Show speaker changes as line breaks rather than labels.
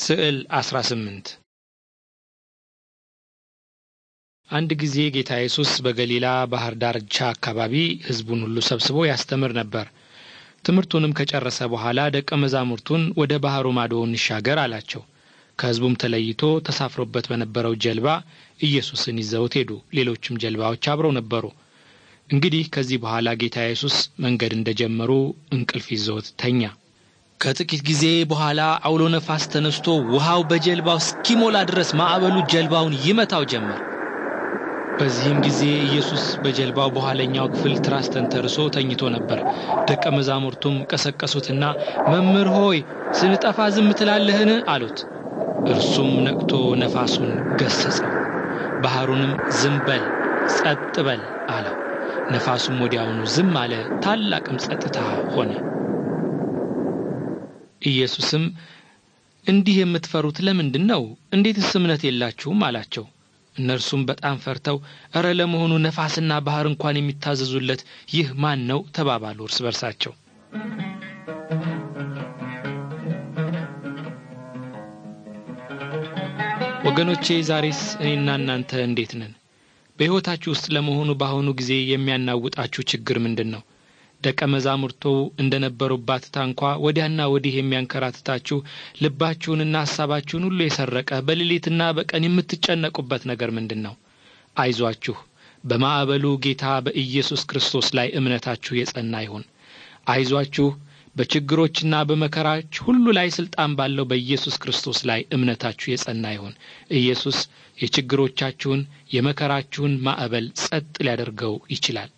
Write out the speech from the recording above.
ስዕል 18 አንድ ጊዜ ጌታ ኢየሱስ በገሊላ ባህር ዳርቻ አካባቢ ሕዝቡን ሁሉ ሰብስቦ ያስተምር ነበር። ትምህርቱንም ከጨረሰ በኋላ ደቀ መዛሙርቱን ወደ ባህሩ ማዶ እንሻገር አላቸው። ከሕዝቡም ተለይቶ ተሳፍሮበት በነበረው ጀልባ ኢየሱስን ይዘውት ሄዱ። ሌሎችም ጀልባዎች አብረው ነበሩ። እንግዲህ ከዚህ በኋላ ጌታ ኢየሱስ መንገድ እንደጀመሩ እንቅልፍ ይዘውት ተኛ። ከጥቂት ጊዜ በኋላ አውሎ ነፋስ ተነስቶ ውሃው በጀልባው እስኪሞላ ድረስ ማዕበሉ ጀልባውን ይመታው ጀመር። በዚህም ጊዜ ኢየሱስ በጀልባው በኋለኛው ክፍል ትራስ ተንተርሶ ተኝቶ ነበር። ደቀ መዛሙርቱም ቀሰቀሱትና መምህር ሆይ ስንጠፋ ዝም ትላለህን? አሉት። እርሱም ነቅቶ ነፋሱን ገሰጸው፣ ባህሩንም ዝም በል ጸጥ በል አለው። ነፋሱም ወዲያውኑ ዝም አለ፣ ታላቅም ጸጥታ ሆነ። ኢየሱስም እንዲህ የምትፈሩት ለምንድን ነው? እንዴትስ እምነት የላችሁም? አላቸው። እነርሱም በጣም ፈርተው እረ ለመሆኑ ነፋስና ባህር እንኳን የሚታዘዙለት ይህ ማን ነው? ተባባሉ እርስ በርሳቸው። ወገኖቼ ዛሬስ እኔና እናንተ እንዴት ነን? በሕይወታችሁ ውስጥ ለመሆኑ በአሁኑ ጊዜ የሚያናውጣችሁ ችግር ምንድን ነው? ደቀ መዛሙርቱ እንደነበሩባት ታንኳ ወዲያና ወዲህ የሚያንከራትታችሁ ልባችሁንና ሐሳባችሁን ሁሉ የሰረቀ በሌሊትና በቀን የምትጨነቁበት ነገር ምንድን ነው? አይዟችሁ፣ በማዕበሉ ጌታ በኢየሱስ ክርስቶስ ላይ እምነታችሁ የጸና ይሁን። አይዟችሁ፣ በችግሮችና በመከራች ሁሉ ላይ ሥልጣን ባለው በኢየሱስ ክርስቶስ ላይ እምነታችሁ የጸና ይሁን። ኢየሱስ የችግሮቻችሁን የመከራችሁን ማዕበል ጸጥ ሊያደርገው ይችላል።